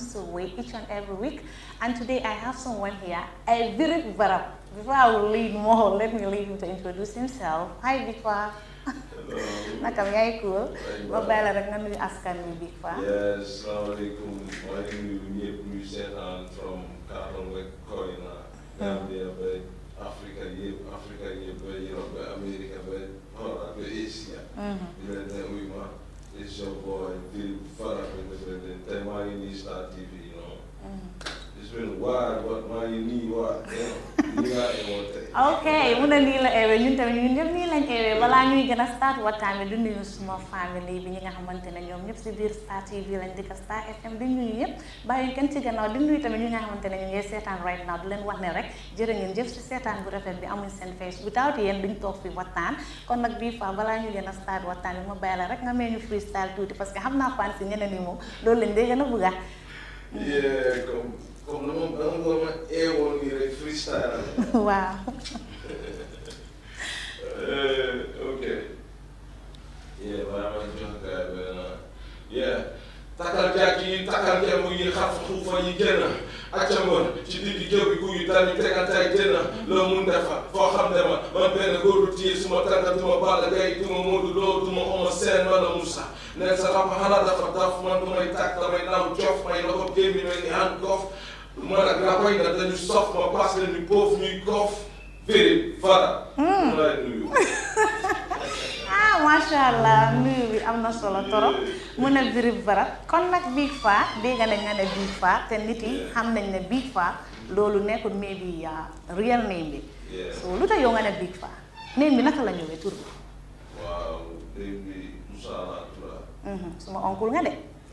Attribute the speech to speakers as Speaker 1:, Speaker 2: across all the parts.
Speaker 1: comes your way each and every week. And today I have someone here, Virik Varap. Before I will lead more, let me lead him to introduce himself. Hi, Vikwa. naka yaa ngi cool ba bàyyi la rek nga nuyu askan wi bi fa.
Speaker 2: yes salaamaaleykum maa ngi nuyu ñëpp ñu seetaan from Kaarong Koyna. Gambia ba Africa yëpp Africa yëpp ba Europe America ba Europe ba Asia. Mm-hmm. di leen ne uy ma. It's your boy, Diddy Fuck, and thank my Star TV. it's really wide. What why you need wide? lii laa eewoo tey.
Speaker 1: ok mu ne nii la eewee ñun tamit ñun ñëpp nii lañ eewee balaa ñuy gën a start waxtaan bi du nuyu suma famille bi ñi nga xamante ne ñoom ñëpp si biir Star TV lañ dëkk Star FM di nuyu ñëpp bàyyi kenn ci gannaaw di nuyu tamit ñi nga xamante ne ñu ngi seetaan right now du leen wax ne rek jërë ngeen jëf si seetaan bu rafet bi amuñ seen face without yéen duñ toog fi waxtaan kon nag bii fois balaa ñuy gën a start waxtaan bi ma bàyyi la rek nga mee ñu freestyle tuuti parce que xam naa fan si ñeneen yi moom loolu lañ dee gën a
Speaker 2: bëgg comme dama dama bëggoon a eewoon nii rek freestyle waaw. Eh, ok. yeah balaa may jox gars yi benn yeah. takkal jàkk yi
Speaker 3: takkal ngemb yi xar xuufa yi génn accamoon ci digg géew gi guy dañu teganteeg génn loo mun defa foo xam ne ma man benn góor du tiir suma tàngal duma Balla Gaye duma Modou Lo duma Eumeu Sène wala Moussa nekk sa rab xanaa dafa daf man du may tàkk damay
Speaker 2: naaw jof may loxo gémmi mel ni hand kof man ak na koy na dañu sof ma parce
Speaker 1: que allah nuyu bi am na solo torop mu ne Bril Bara kon nag Big Faa dégg nga nga ne Big Faa te nit yi xam nañ ne Big Faa loolu nekkul mais bi uh, real name bi. so lu tax yow nga ne Big Faa name bi naka la ñëwee tur bi.
Speaker 2: waaw name bi
Speaker 1: mhm, nga de.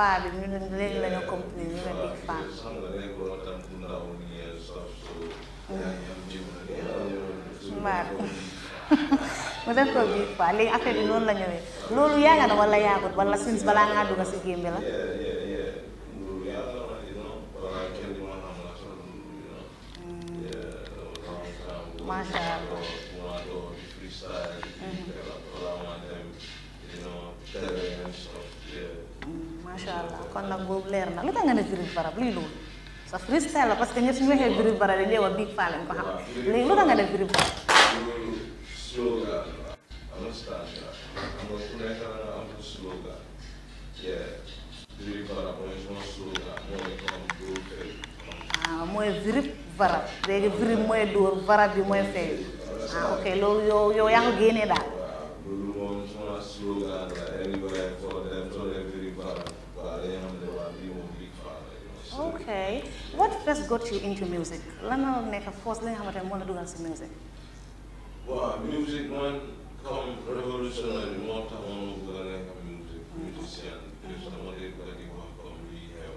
Speaker 1: paa bi ñu ne léegi la ñu
Speaker 2: ne big fan.
Speaker 1: mu def ko big fan léegi affaire bi noonu la ñëwee loolu yàgg na wala yàggut wala since balaa ngaa dugg si game Big Bara luy loolu sa freestyle la parce que ñëpp su ñu waxee Bril Bara dañuy wax Big nga def Bril Bara. Ah, mooy Bril Bara léegi Bril mooy dóor Bara bi mooy feeñ ah, ok loolu yow yow génnee daal. ok what first got you into music lan la nekk force li nga xamante ne moo la dugal si music.
Speaker 2: waaw music man comme révolutionnaire moo tax man ma bëgg a nekk music musicien parce que ma dégg di wax comme lii xew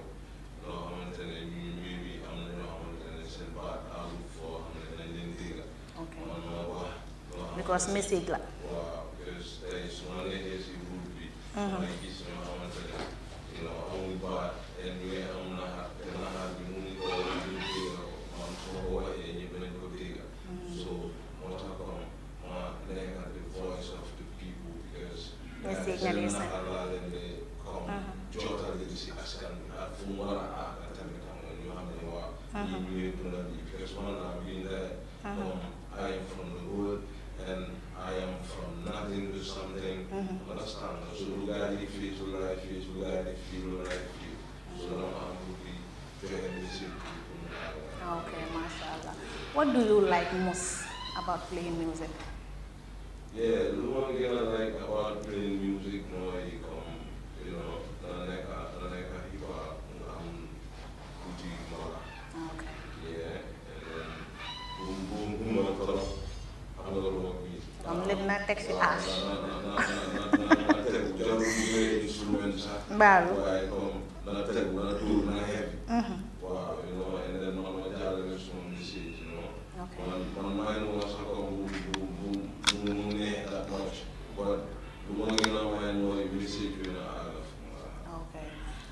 Speaker 2: loo xamante ne ñu mbir mi am na ñoo xamante ne seen baat àll foo xam ne dañ leen dégg. ok man ma wax. because music la. waaw parce que tey su ma nekkee si groupe bi. Mhm. bés bu laa def fii loolu laa def ma am pour di joxe musique bi pour mu
Speaker 1: laa allah what do you like most about playing
Speaker 2: music. yeah lu ma gën a like about playing music mooy comme you know dana nekk dana nekk hip hop nga am tuuti mawla. ok yeah and then bu bu mu mën a trop
Speaker 1: moom lépp naa teg si aas.
Speaker 2: mbaalu. ok.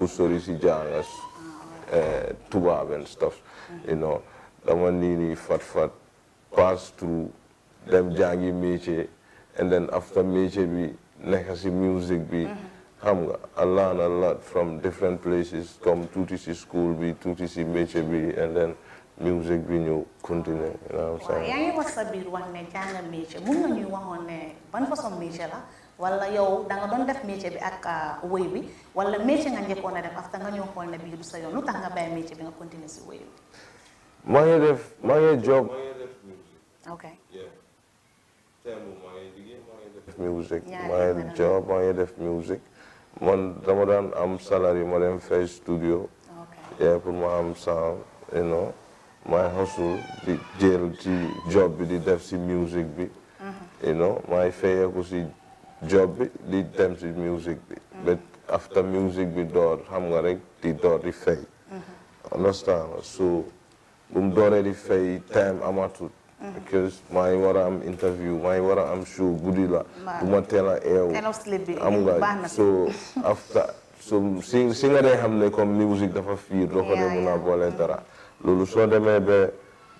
Speaker 2: who stories genres, uh, tubab and stuff, you know. Lamanini, fat fat, pass through them jangi meche, and then after meche bi, nekasi music bi, mm-hmm. xam nga a lot a from different places comme tuuti si school bi tuuti si métier bi and then music bi ñu continue. yaa
Speaker 1: ngi wax sa biir wax ne jàng métier mun nga ñuy waxoon ne ban façon métier la. wala yow da doon def métier bi ak uh, wéy bi wala métier nga njëkkoon a def afta nga ñëw xool ne bii du sa yoon lu tax nga bàyyi métier bi nga continuer si wéy bi.
Speaker 2: maa ngi def maa ngi job. music def music man dama daan am salary ma dem fay studio. yeah pour ma am sound you know my di jël ci job bi di def ci music bi. Mm-hmm. you maay fayeeku si. job bi di dem si music bi mm-hmm. ba after music bi door xam nga rek di door di fay mm-hmm. understand so bu mu dooree di fay time amatul mm-hmm. because maa ngi war a am interview maa ngi a am show guddi la du ma teel a eew so after si si nga dee xam ne comme music dafa fiir doo ko dee mun a boole dara loolu soo demee ba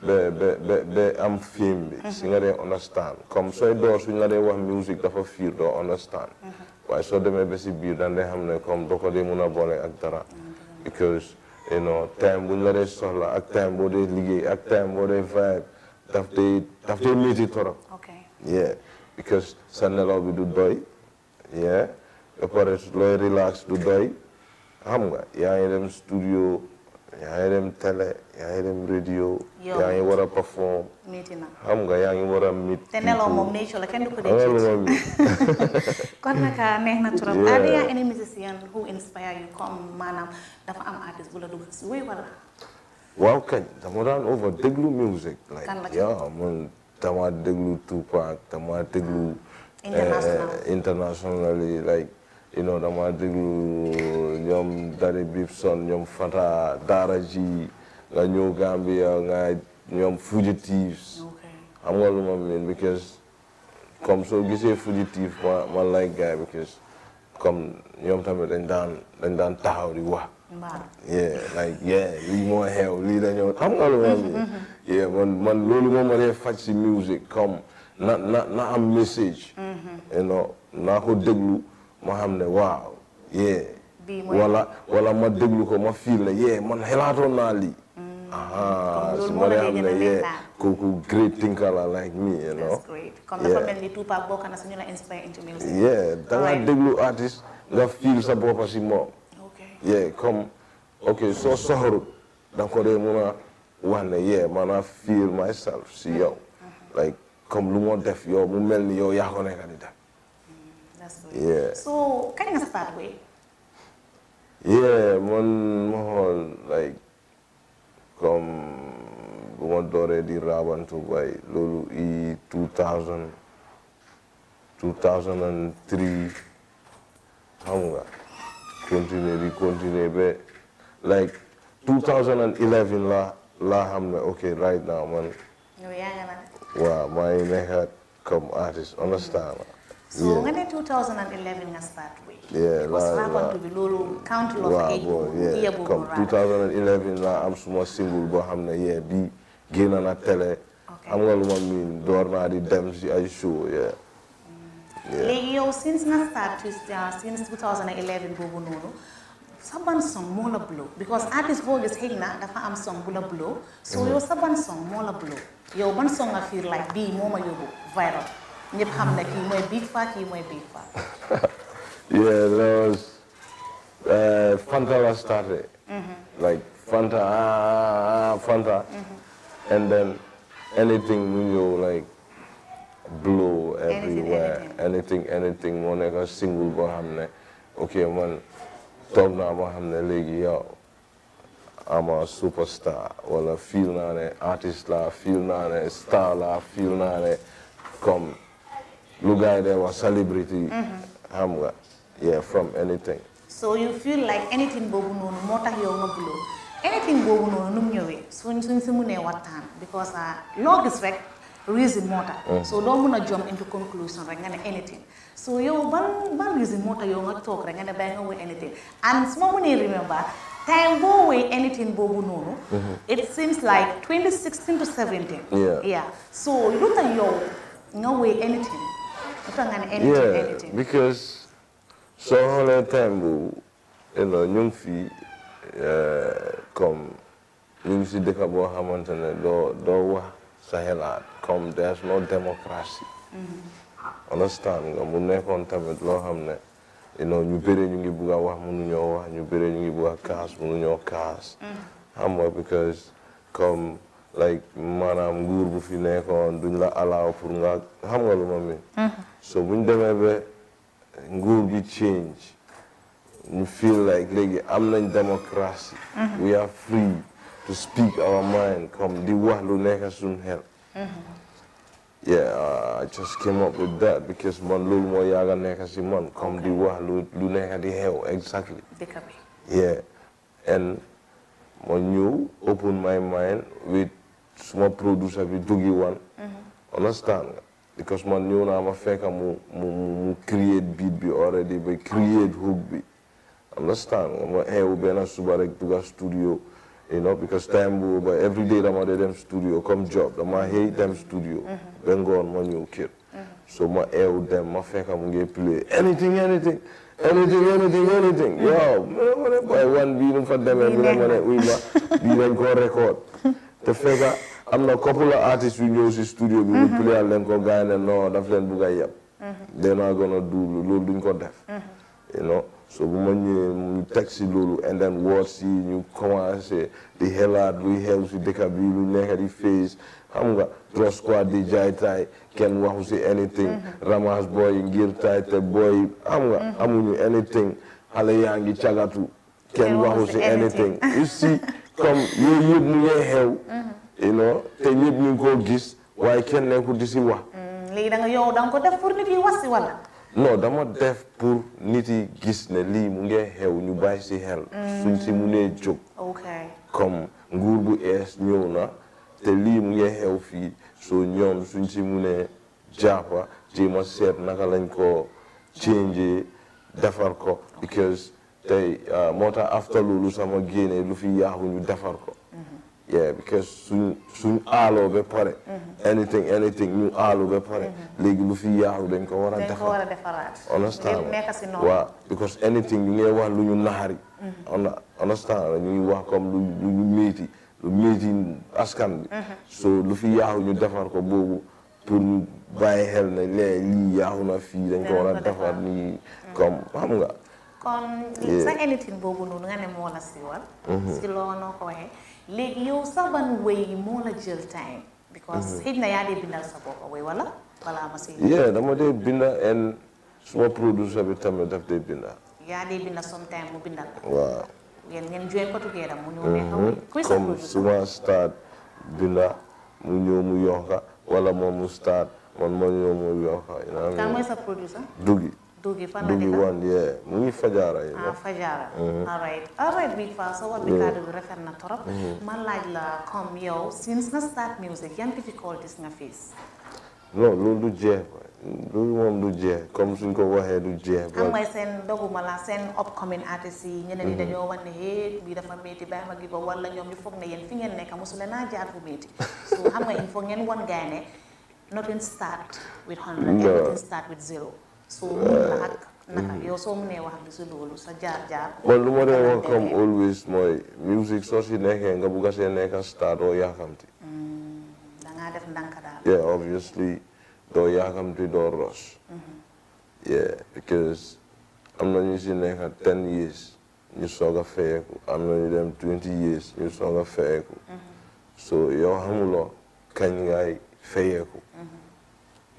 Speaker 2: ba ba ba ba am film mhm. si nga dee understand comme sooy door suñ la dee wax musique dafa fiir doo understand. Mhm. waaye soo demee ba si biir daan dee xam ne comme doo ko dee a boole ak mm, dara. because you know time buñ la dee soxla ak time boo dee liggéey ak time boo dee vibe daf dee daf dee métti torop. ok yeah because sa nelaw bi du doy. yeah ba pare looy relax du doy xam nga yaa ngi dem studio. yaa ngi dem télé yaa ngi dem radio. yaa ngi war a perform. xam nga yaa ngi war a meet. te nelaw moom
Speaker 1: nature la kenn du ko dee
Speaker 2: kon ah, na trop. are there
Speaker 1: any musician who inspire you comme maanaam dafa
Speaker 2: waaw kañ dama daan over déglu music. like yaa man dama déglu Tupac dama déglu. Ah. internationally eh, eh, you know dama déglu ñoom Dari Bibson ñoom Fata Daara J nga ñëw Gambia nga ñoom fugitives xam nga lu ma mean because comme soo gisee fugitive ma ma like guy because comme ñoom tamit dañ daan dañ daan taxaw di wax yeah lii moo xew lii dañoo xam nga lu ma mean yeah man loolu moom ma dee faj si music comme na na na am message mm-hmm. you know naa ko déglu ma xam ne waaw yee wala ma déglu ko ma fiil ne yee man xelaatoon naa lii ah su ma dee xam ne yee kooku great thinker la like me you know comme dafa mel nga fiil sa boppa si moom yee comme ok soo soxorut danga ko dee mun a wax ne yee maanaam fiil myself si mm. yow mm-hmm. like comme lu moo def yow mu mel ni yow yaa ko nekk
Speaker 1: yeah so
Speaker 2: man ma like comme bu ma dooree di rabantu bay loolu i e, two thousand two thousand and three like two thousand la laa xam ne ok right now man waaw maa ngi comme artiste understand so nga
Speaker 1: ne 2011 nga start with.
Speaker 2: because Rakontu
Speaker 1: bi loolu age bu comme
Speaker 2: 2011 la am suma single boo xam ne yee bi am nga lu ma miin door di dem si ay show yeah. léegi
Speaker 1: yow since nga start uh, since 2011 boobu noonu. saban song moo la blow because artist boo gis xëy dafa am song bu la blow so mm. yow song moo la blow yow ban song nga feel like bii moo ma yóbbu viral ñëpp xam ne kii mooy Big Faa kii mooy Big Faa.
Speaker 2: yeah that was uh, Fanta la started. Mm -hmm. like Fanta ah, ah, ah Fanta. Mm -hmm. and then anything mu ñëw like blow everywhere anything anything moo nekk single boo xam ne ok man toog naa boo xam ne léegi yow. I'm a superstar wala well, feel naa ne artiste la feel naa ne star la feel naa ne comme lu gars yi day wax celebrity. Mm-hmm. xam nga yeah from anything.
Speaker 1: so you feel like anything boobu noonu moo tax yow nga bulo anything boobu noonu nu mu ñëwee suñ suñ si mënee waxtaan because uh, reason moo mm. so doo mun a jump into conclusion rek anything so yow ban reason moo tax nga toog rek nga nga woy anything and su ma mënee remember time boo woy anything boobu noonu. Mm-hmm. it seems like to 17. yeah so lu tax nga woy anything. yeah
Speaker 2: because so xoolee time boobu you know ñu ngi fi eh, comme ñu ngi si dëkk boo xamante ne doo doo wax sa xelaat comme there's no democracy mm-hmm. understand nga mu nekkoon tamit loo xam ne you know ñu bëri ñu ngi bugg a wax mënuñoo wax ñu bëri ñu ngi bugg a kaas mënuñoo kaas mm-hmm. xam nga because comme like maanaam nguur bu fi nekkoon duñ la allow pour nga xam nga lu ma mi so bu ñu demee ba nguur gi change ñu feel like léegi am nañ démocratie mm-hmm. we are free to speak our mind comme di wax lu nekk suñu xel mm-hmm. yeah uh, I just came up with that because man loolu moo yàgg a si man comme di wax lu lu di xew exactly yeah and ma ñëw open my mind with suma producer bi dugi wan mm-hmm. understand nga because man ñëw naa ma fekk mu mu mu create beat bi already ba create hook bi understand nga ma xeewu benn suba rek dugga studio you know because time boobu ba every day dama dee dem studio comme job dama xëy dem studio mm-hmm. ba ma ñëw kër mm-hmm. so ma eew dem ma fekk mu ngi play anything anything anything anything anything yow ma ne boy bi ne ma record te fekka am na couple of artistes yu ñëw si studio bi. ñu mhm. plial leen ko gars yi ne daf leen bugg a yem. Mhm. dee naa gën a double loolu duñ ko def. Mhm. you know so bu ma ñëwee mu teg si loolu and then woot si ñu commencé di xelaat luy xew si dëkk bi lu nekk di face xam nga trop squad di jaay taay kenn waxu si anything. ramas boy ngir taay te boy xam nga amuñu anything xale yaa ngi cagatu. kenn waxu si anything you see comme yooyu yëpp mu ngi xew. you know te ñëpp ñu ngi koo gis waaye kenn nekkul di si wax.
Speaker 1: Mm, léegi da yow da ko def pour nit yi wasi wala.
Speaker 2: non dama def pour nit yi gis ne lii mu ngi xew ñu bàyyi si xel. suñ si munee jóg. ok nguur bu ees ñëw na te lii mu ngi xew fii soo suñ si munee jàppa jéem a seet naka lañ ko change defar ko because tey ah, moo tax after loolu sama génne lu fi yaaxu ñu defar ko. yeah because suñ suñ aaloo ba pare. Mm-hmm. anything anything ñu aaloo ba pare. Mm-hmm. léegi lu fi yaaru dañ ko war a. dañ ko war
Speaker 1: a defaraat. understand waaw
Speaker 2: because anything ñu ngi wax lu ñu naxari. Mm-hmm. understand ñu ngi wax comme lu ñu métti lu métti askan bi. so lu fi yaaru ñu defar ko boobu pour ñu bàyyi xel ne lee lii yaaru na fii dañ ko war a defar nii comme xam nga.
Speaker 1: léegi yow sax ban wéy moo la jël time because xëy mm-hmm. yaa dee bindal sa bopp wéy wala balaa ma si
Speaker 2: yeah dama dee binda en suma producer bi tamit daf dee binda
Speaker 1: yaa dee binda sometime mu bindal waaw mm-hmm. comme
Speaker 2: suma start binda mu ñëw mu yokka wala moom mu start man ma mu yokka kan Doogie fan la Doogie one yeah yi. ah Fajara. Uh-huh. all
Speaker 1: right all right war bi kàddu bi rafet na trop. Uh-huh. ma laaj la comme yow since na start music yan difficulties nga face.
Speaker 2: non loolu du jeex loolu moom du jeex comme suñ ko waxee du jeex. xam nga
Speaker 1: seen doguma la seen upcoming artistes yi. ñeneen ñi uh-huh. dañoo wan ne hee bii dafa métti bàyyi ma gi ba wala ñoom ñu foog na yéen fi ngeen nekk mosu leen naa jaar bu métti so xam nga il faut ngeen wan gaay ne nothing start start with zero. Uh, soo man lu ma dee wax comme
Speaker 2: always mooy music soo si nekkee nga bugg a see nekk star doo yaakamti. Mm, da obviously doo yaakamti doo rush. Mm-hmm. yeah because am na ñu si nekk ten years ñu soog a feyeeku am na ñu dem twenty years ñu soog a feyeeku. Mm-hmm. so yow xamuloo kañ ngay feyeeku.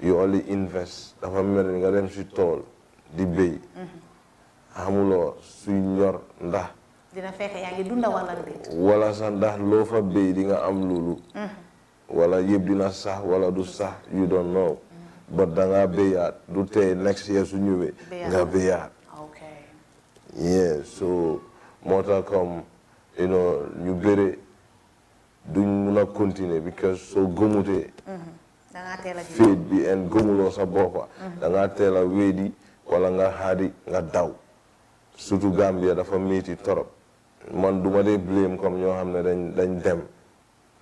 Speaker 2: you only invest dafa mel ni nga dem si tool di béy. xamuloo suy ñor ndax.
Speaker 1: dina fexe yaa ngi
Speaker 2: ndax loo fa béy di nga am loolu. Mm-hmm. wala yëpp dina sax wala du sax you don't know. Mm-hmm. ba danga béyaat du tey next year su ñëwee. nga béyaat. ok. yeah moo tax comme you know ñu bëre duñ mun a continuer because soo gëmutee. Mm-hmm.
Speaker 1: féet
Speaker 2: bi en gëmuloo sa boppa da ngaa teel a nga xaadi nga daw sutu Gambia dafa miiti torop man du ma dee blame comme ñoo xam ne dañ dañ dem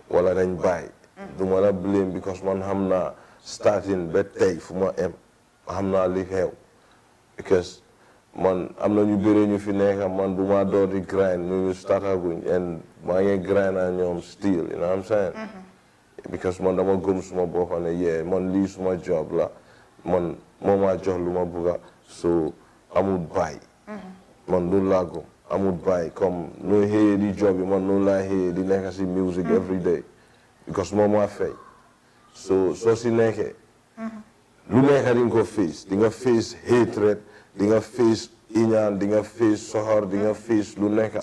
Speaker 2: wala dañ bàyyi mm-hmm. du ma la blame because man xam naa starting ba tey fu ma em xam naa li xew because man am na ñu bëre ñu fi nekk man du ma door di grind ñu startaguñ and maa ngi grind a ñoom still you know what I'm saying mm-hmm. because man dama gëm suma bopp ne yee man lii suma job la man moom maa jox lu ma bëgga so amul baay mm-hmm. man loolu laa gëm amul baay comme noo xëyee di job yi man noonu laa xëyee di nekk si music mm-hmm. every day because moom maa fay so soo si nekkee mm-hmm. lu nekk di nga ko face di nga face hatred di nga face iñaan di nga face soxor di nga face lu nekk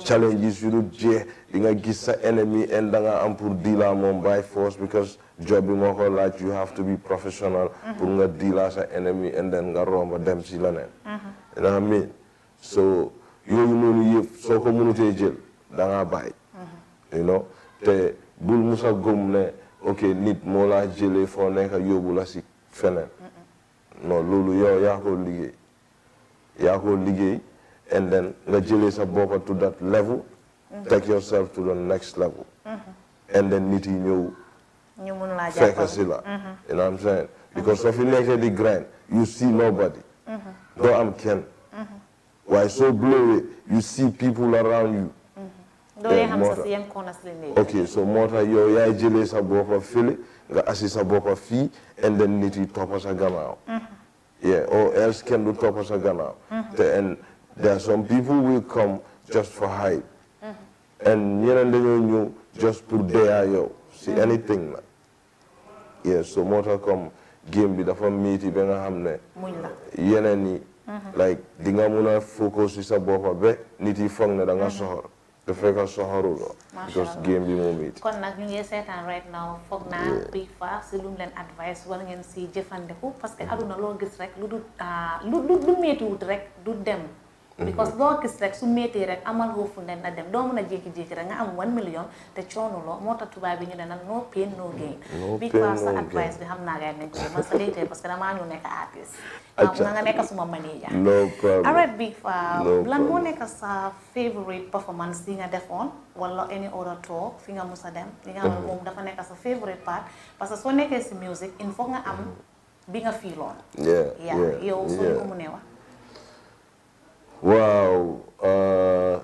Speaker 2: challenges yu dul jeex di nga gis sa ennemi en da nga am pour diila moom by force because job bi moo ko laaj you have to be professional pour nga diila sa ennemi and then nga romba dem si leneen you I mean yooyu noonu yëpp soo ko mënutee jël da bàyyi you know nit moo laa jëlee foo nekk yóbbu la si yaa ko liggéey yaa ko liggéey and then nga jëlee sa boppa to that level mm-hmm. take yourself to the next level mm-hmm. and then nit yi ñëw
Speaker 1: ñu mun si la
Speaker 2: mm-hmm. because soo fi nekkee di grind you see nobody doo am kenn waaye soo blowee you see people around you ok so moo yaay jëlee sa boppa fële nga assi sa boppa fii and then nit yi toppa sa gannaaw Yeah, or else kenn du topp sa gannaaw. te and there are some people will come just for hype. Mm-hmm. and ñeneen dañoo ñëw just pour deyaa yow si mm-hmm. anything la. yeah so moo tax comme game bi dafa miiti ba nga xam ne. yeneen yi. Mm-hmm. like di nga focus si sa boppa ba nit yi foog ne danga nga dafay ka soxaru game bi moom it.
Speaker 1: kon nag ñu ngi seetaan right now foog naa Big Faa si lu mu leen advice war ngeen si jëfandiku parce que mm-hmm. aduna loo gis rek lu du ah, lu lu méttiwut rek du dem. because loo mhm. gis rek su métti rek amal foofu nen na dem doo mën a jékki-jékki rek nga am one million te coono loo moo tax tubaab bi ñu ne nag no pain no gain xam naa gars yi parce que damaa ñu nekk artiste na nga nekk suma lan moo nekk sa favorite performance yi nga defoon wala any other tour fi nga mus a dem li nga xam ne mhm. moom dafa nekk sa favorite part parce que soo nekkee si music il faut nga am mhm. bi nga fiiloon yeah yeah yow soo ko mënee wax
Speaker 2: waaw euh,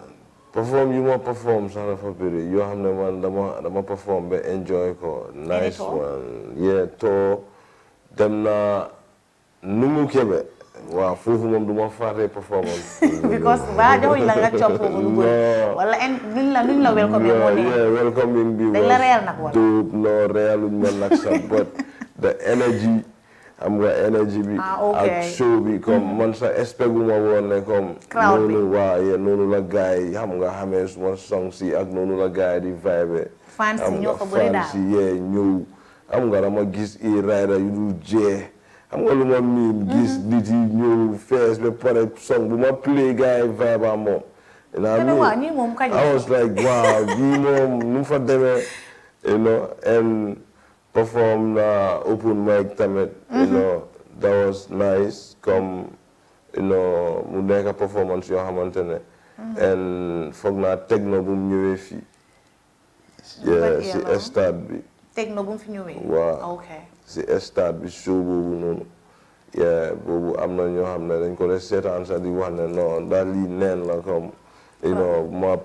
Speaker 2: perform yu ma perform sax dafa bëri yoo xam ne man dama dama perform ba enjoy ko. nice one yeah too dem na nu mu kebe waaw foofu moom du ma fàtte performance.
Speaker 1: because ba joxuñ la nga copp foofu lu bëri. wala en luñ la luñ la welcome moo ne.
Speaker 2: welcome bi dañ la real nag wala. duub non realuñ ma nag sax but the energy. am nga énergie bi. Ah, ak show bi comme mm-hmm. man sax expect bu ma woon ne comme. cloud bi noonu waa yéen noonu la gars yi xam nga xamee suma song si ak noonu la gars di vibe. fans yi ñoo am nga fans xam nga dama gis i rider yu dul jee xam nga lu ma miin. Mm-hmm. gis nit yi ñëw fees pare song bu ma play gars yi vibe am moom. naa nii I was like waaw bii moom nu fa demee you know perform na open mic tamit. you mhm. know nice comme you mu nekk performance yoo xamante ne. Mhm. and foog naa techno bu mu ñëwee fii. si stade bi.
Speaker 1: techno bu mu fi ñëwee. waaw
Speaker 2: si stade bi show boobu noonu. boobu am na ñoo xam ne dañ ko def seetaan sax di wax ne non daal lii neen la comme. you know ma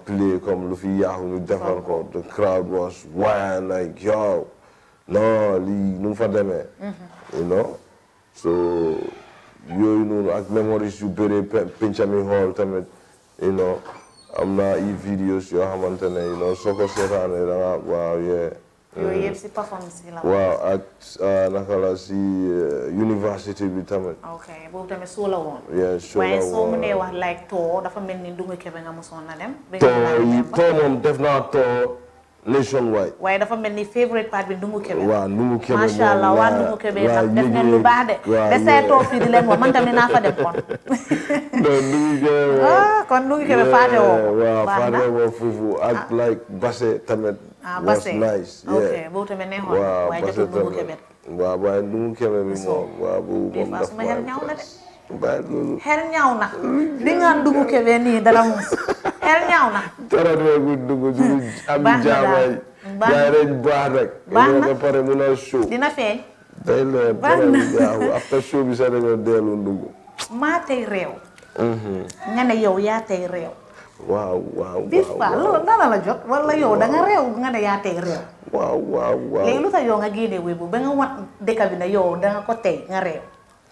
Speaker 2: comme lu fi yaaxu ñu defar ko the crowd was wild like yo. non lii nu mu fa demee. Mhm. non so yooyu noonu ak memories yu bëree Pencami Hall tamit you know am na i videos yoo xamante ne you soo ko seetaanee da nga waaw yee. yooyu mm. yëpp si
Speaker 1: performance la. waaw
Speaker 2: ak ah, naka la si eh, université bi tamit. ok
Speaker 1: boobu tamit soo la woon.
Speaker 2: yeah soo la woon wax
Speaker 1: like too dafa mel ni Ndungu Kebe nga mosoon na dem.
Speaker 2: too moom def naa too. les jeunes waay.
Speaker 1: waaye dafa mel ni favorite part bi Ndungu Kebe. waaw
Speaker 2: Ndungu Kebe macha allah waa Ndungu Kebe nag def ngeen baax de. waaw de say toog fii di leen woo man tamit naa fa dem kon. non Ndungu Kebe. ah
Speaker 1: kon Ndungu Kebe faate woo ko. waaw faate woo
Speaker 2: foofu ak ah. like Basse tamit. ah Basse was nice. ok
Speaker 1: boobu tamit neexoon waaye jotul Ndungu Kebe.
Speaker 2: waaw waaye Ndungu Kebe bi moom. waaw boobu moom dafa waay. xel
Speaker 1: ñaaw na. li nga dugg kebe nii dara xel ñaaw na.
Speaker 2: dara mu dugg dugg hmm. am jaamay. baax na baax na pare mun a show. dina feeñ. day leer dara mu jaaw after show bi sax dañoo dellu dugg.
Speaker 1: maa tey réew. Mm-hmm. nga ne yow yaa tey réew.
Speaker 2: waaw waaw
Speaker 1: waaw nga réew nga ba nga wat dëkk bi ne yow ko tey nga réew.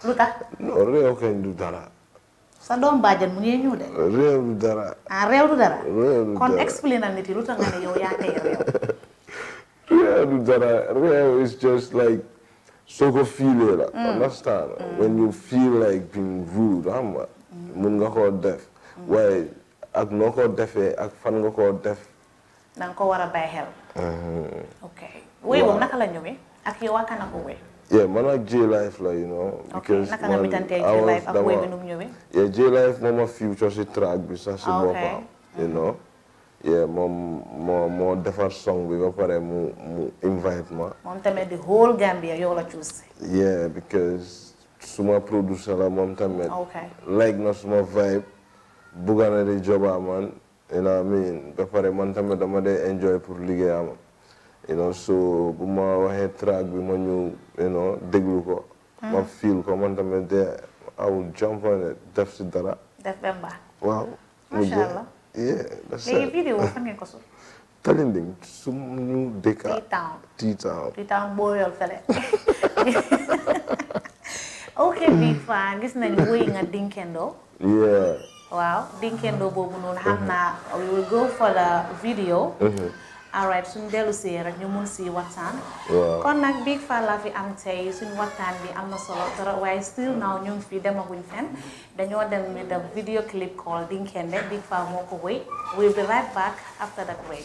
Speaker 1: lu tax.
Speaker 2: non réew kañ du dara.
Speaker 1: sa doom bàjjan mu ngi ñëw de.
Speaker 2: réew du dara.
Speaker 1: ah du dara.
Speaker 2: kon expliqué
Speaker 1: na nit nga ne yow yaa tey réew.
Speaker 2: réew du dara réew is just like soo ko fiilee la. Mm. understand mm. when you feel like being rude xam mm. mun nga koo def. waaye ak noo ko defee ak fan nga koo def.
Speaker 1: da nga ko war a bàyyi xel. Uh-huh. naka la ñëwee ak yow waa Kanako wéy.
Speaker 2: yeah man ak J Life la you know. because man awa dama yeah J Life moom a future si track bi sax si boppam. you know yeah moom moo moo defar song bi ba pare mu mu invite ma.
Speaker 1: moom tamit the la
Speaker 2: suma producer la moom tamit. Ah, na suma vibe. bugga na di job man you know mean ba pare man tamit dama dee enjoy pour liggéeyam. you know so bu ma waxee track bi ma ñëw déglu ko. ma hmm. feel ko man tamit de I will jump on it def si dara. def benn waaw. macha allah léegi vidéo fan ngeen ko suuf. Talinding suñu dëkk. T-Town T-Town.
Speaker 1: T-Town boo yor fële. ok Big Faa gis nañu wéy nga dinkendo. yeah. waaw dinkendo boobu noonu uh-huh. xam naa we will go for the video. Uh-huh. alright suñ dellu see rek ñu si waxtaan. kon nag Big la fi am tey suñ waxtaan am na solo trop waaye hmm. fi demaguñ fenn dañoo dem with a video clip called Dinkende Big Faa moo ko wéy we'll be right after that break.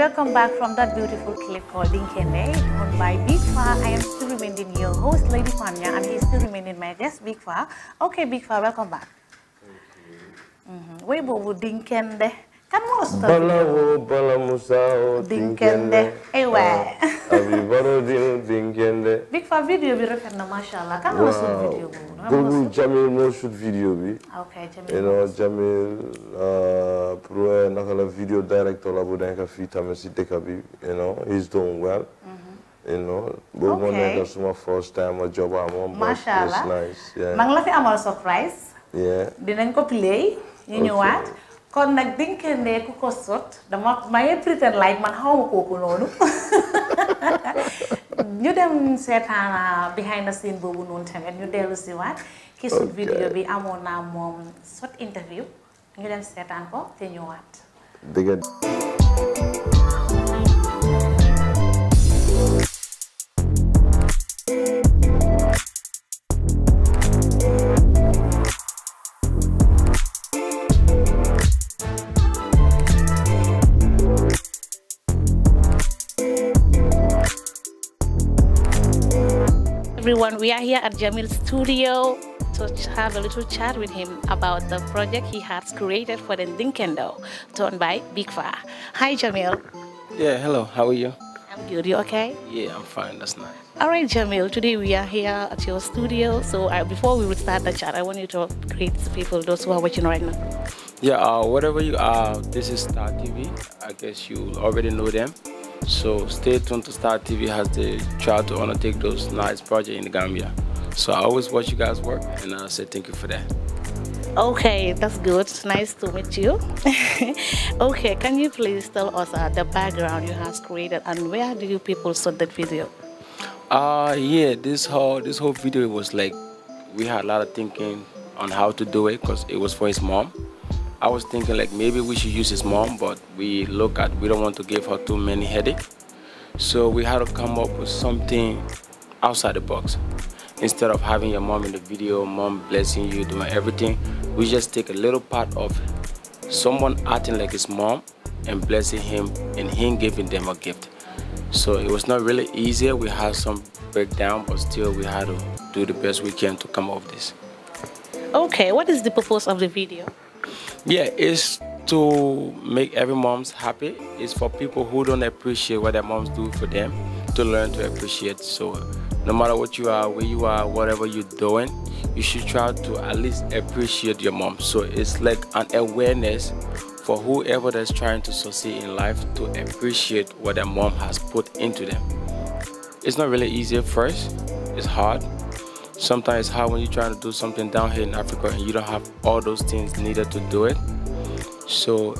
Speaker 1: welcome back from that beautiful clip called Dinkende, owned by Big Fa. I am still remaining your host, Lady Fanya, and he's still remaining my guest, Big Fa. Okay, Big Fa, welcome back. kan moo sotal balawo
Speaker 2: bala musawo dinkende
Speaker 1: ay waay
Speaker 2: abi baro dinu dinkende
Speaker 1: fa vidéo bi rafet na masha Allah kan moo shoot vidéo boobu
Speaker 2: Jamil moo shoot vidéo bi okay Jamil non Jamil naka la vidéo director la bu nekk fii tamit si dëkk bi you know he's doing well you know boobu moo nekk suma first time a job am moom masha Allah maa ngi
Speaker 1: fi amal surprise yeah dinañ ko play ñu ñëwaat kon nag dinke ne ku ko sot dama maye pretend like man xaw ma kooku noonu ñu dem seetaan uh, behind the scene boobu noonu tamit ñu dellu si waat ki sut vidéo bi amoon naa moom sot interview ñu dem seetaan ko te ñëwaat
Speaker 2: dëgg
Speaker 1: everyone. We are here at Jamil's studio to have a little chat with him about the project he has created for the Ndinkendo, done by Big Fa. Hi, Jamil.
Speaker 3: Yeah, hello. How are you?
Speaker 1: I'm good. You okay?
Speaker 3: Yeah, I'm fine. That's nice.
Speaker 1: All right, Jamil. Today we are here at your studio. So uh, before we start the chat, I want you to greet the people, those who are watching right now.
Speaker 3: Yeah, uh, whatever you are, uh, this is Star TV. I guess you already know them. So stay tuned to Star TV as they to undertake those nice projects in Gambia. So I always watch you guys work and I say thank you for that.
Speaker 1: Okay, that's good. Nice to meet you. okay, can you please tell us uh, background you have created where do you people shot that video?
Speaker 3: Uh, yeah, this whole video was like we had a lot of thinking on his mom. I was thinking like maybe we should use his mom, but we look at we don't want to give her too many headache. So we had to come up with something outside the box. Instead of having your mom in the video, mom blessing you, doing everything, we just take a little part of someone acting like his mom and blessing him and him giving them a gift. So it was not really easy. We had some breakdown, but still we had to do the best we can to come off this.
Speaker 1: Okay, what is the purpose of the video?
Speaker 3: Yeah, it's to make every moms happy. It's for people who don't appreciate what their moms do for them to learn to appreciate. So no matter what you are, where you are, doing, you should try to appreciate your mom. So it's like an for whoever that's trying to succeed in life to appreciate what their mom has put into them. It's not really easy first, it's hard, sometimes how when you're trying to do something down here in Africa and you don't have all those things needed to do it. So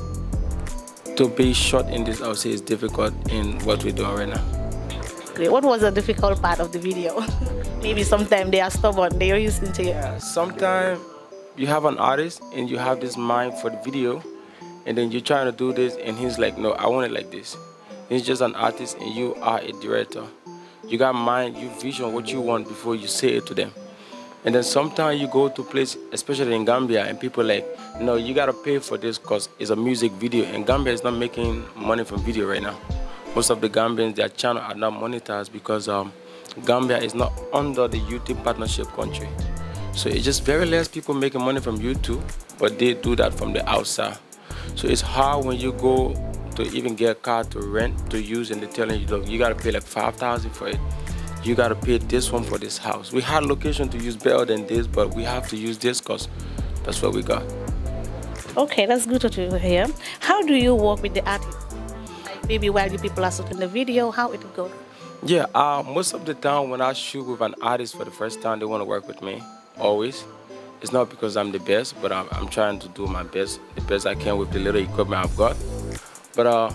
Speaker 3: to be short in this, I would say, is difficult in what we're doing right now.
Speaker 1: Great. What was the difficult part of the video? Maybe sometimes they are stubborn. They always into you. Yeah,
Speaker 3: sometimes you have an artist and you have this mind for the video, and then you're trying to do this, and he's like, "No, I want it like this." He's just an artist, and you are a director. You got mind, you vision what you want before you say it to them. And then sometimes you go to place, especially in Gambia, and people like, no, you gotta pay for this because it's a music video, and Gambia is not making money from video right now. Most of the Gambians, their channel are not monetized because um, Gambia is not under the YouTube partnership country. So it's just very less people making money from YouTube, but they do that from the outside. So it's hard when you go to even get a car to rent to use and they're telling you look you gotta pay like 5000 for it you gotta pay this one for this house we had location to use better than this but we have to use this because that's what we got
Speaker 1: okay that's good to hear how do you work with the artist like maybe while the people are shooting the video how it go
Speaker 3: yeah uh, most of the time when i shoot with an artist for the first time they want to work with me always it's not because I'm the best, but I'm, I'm, trying to do my best, the best I can with the little equipment I've got. But uh,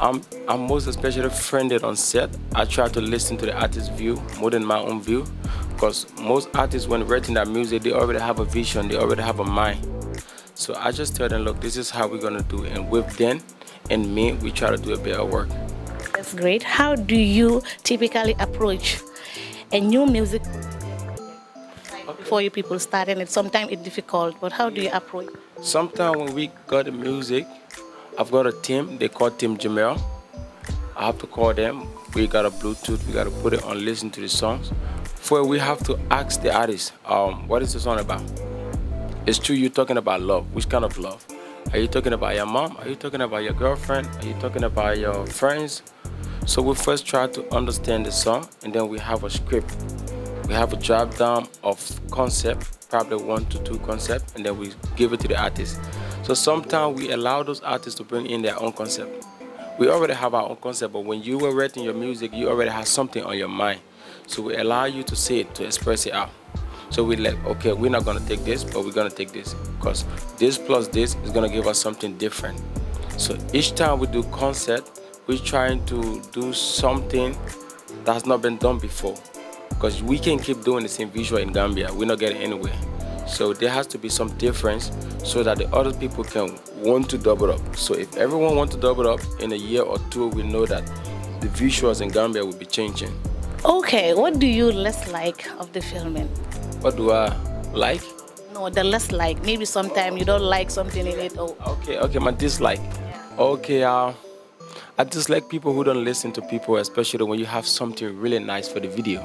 Speaker 3: I'm, I'm most especially friended on set. I try to listen to the artist's view more than my own view because most artists when writing their music, they already have a vision, they already have a mind. So I just tell them, look, this is how we're gonna do it. And with them and me, we try to do a better work.
Speaker 1: That's great. How do you typically approach a new music okay. for you people starting it? Sometimes it's difficult, but how do you approach?
Speaker 3: Sometimes when we got the music, I've got a team, they call Team Jamel. I have to call them. We got a Bluetooth, we got to put it on, listen to the songs. For we have to ask the artist, um, what is the song about? It's true you're talking about love. Which kind of love? Are you talking about your mom? Are you talking about your girlfriend? Are you talking about your friends? So we first try to understand the song and then we have a script. We have a drop down of concept, probably one to two concept, and then we give it to the artist. So sometimes we allow those artists to bring in their own concept. We already have our concept, but when you were writing your music, you already had something on your mind. So we allow you to say it, to express it out. So we like, okay, we're not take this, but we're gonna take this because this is gonna give us something different. each time we do concert, we're trying to do something that's not been done before because we can keep doing the same visual in Gambia. So there has to be some difference so that the other people can want to double up. So if everyone wants to double up in a year or two, we know that the visuals in Gambia will be changing.
Speaker 1: Okay, what do you less like of the filming?
Speaker 3: What do I like?
Speaker 1: No, the less like. Maybe sometimes oh. you don't like something in it. Or... Oh.
Speaker 3: Okay, okay, my dislike. Yeah. Okay, uh, I dislike people who don't listen to people, especially when you have something really nice for the video.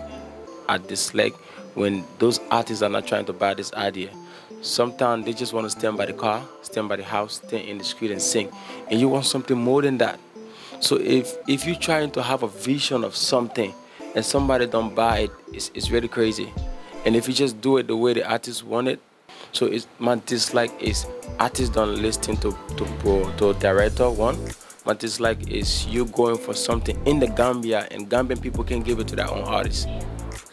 Speaker 3: I dislike when those artists are not trying to buy this idea. Sometimes they just want to stand by the car, stand by the house, stand in the street and sing. And you want something more than that. So if if you're to have a vision of something and somebody don't buy it, it's, really crazy. And if you just do it the way the artist want it, so it's, is going for something in the Gambia and Gambian people can give it to their own artists.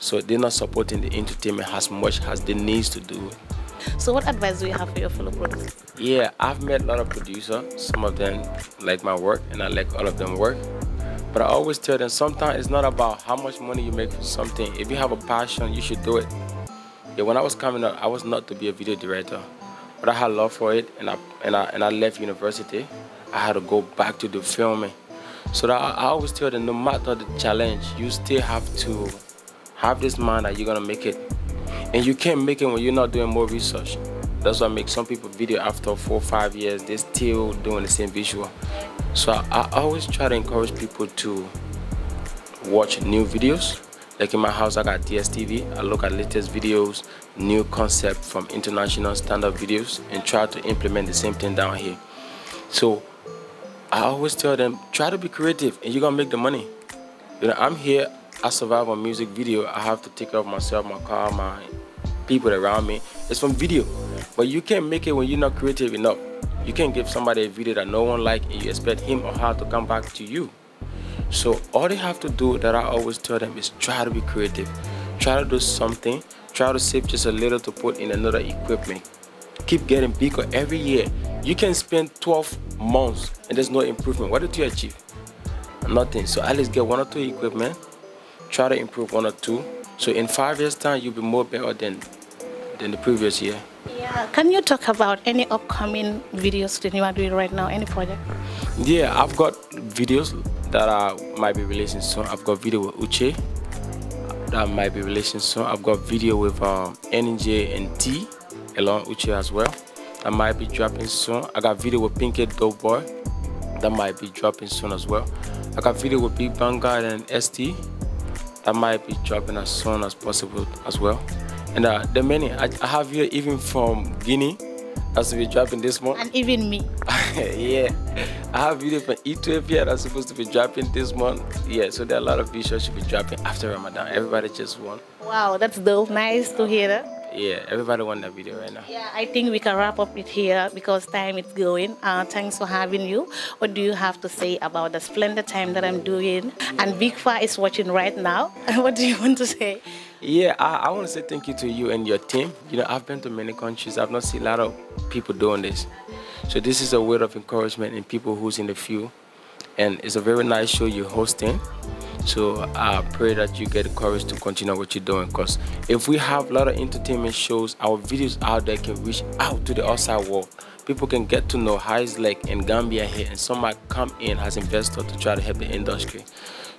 Speaker 3: So they're not supporting the entertainment as much as they need to do it.
Speaker 1: So what advice do you have for your fellow producers?
Speaker 3: Yeah, I've met a lot of producers. Some of them like my work and I like all of them work. But I always tell them sometimes it's not about how much money you make for something. If you have a passion, you should do it. Yeah, when I was coming up, I was not to be a video director. But I had love for it and I and I and I left university. I had to go back to the filming. So that I, I always tell them no matter the challenge, you still have to have this mind that you're gonna make it. And you can't make it when you're not doing more research. That's why I make some people video after four five years, they're still doing the same visual. So I, I always try to encourage people to watch new videos. Like in my house, I got DSTV. I look at latest videos, new concept from international stand-up videos, and try to implement the same thing down here. So I always tell them, try to be creative, and you're gonna make the money. You know, I'm here I survive on music video. I have to take of myself, my car, my people around me. It's from video. But you can't make it when you're not creative enough. You can't give somebody a video that no one like and you expect him or her to come back to you. So all they have to do that I always tell them is try to be creative. Try to do something. Try to save just a little to put in another equipment. Keep getting bigger every year. You can spend 12 months and there's try to improve one or two. So in five years' time, you'll be more better than than the previous year.
Speaker 2: Yeah.
Speaker 1: Can you talk about any upcoming videos that you are doing right now? Any project?
Speaker 3: Yeah, I've got videos that I might be releasing soon. I've got video with Uche that might be releasing soon. I've got video with um, NJ and T along Uche as well. That might be dropping soon. I got video with Pinkett Dope Boy that might be dropping soon as well. I got video with Big Bang God and ST that might be dropping as soon as possible as well. And uh, the many I, I have here even from Guinea that's to be dropping this month.
Speaker 1: And even me.
Speaker 3: yeah. I have video from Ethiopia that's supposed to be dropping this month. Yeah, so there are a lot of videos should be dropping after Ramadan. Everybody just won.
Speaker 1: Wow, that's dope. Nice to hear that.
Speaker 3: yeah, everybody want that video right now. Yeah,
Speaker 1: I think we can wrap up it here because time is going. Uh, thanks for having you. What do you have to say about the splendid time that I'm doing? And Big Fa is watching right now. what do you want to say?
Speaker 3: Yeah, I, I want to say thank you to you and your team. You know, I've been to many countries. I've not seen a lot of people doing this. So this is a word of encouragement in people who's in the field. And it's a very nice show you're hosting. So I pray that you get courage to continue what you're doing because if we have a lot of entertainment shows, our videos out there can reach out to the outside world. People can get to know how it's like in Gambia here and some might come in as investors to try to help the industry.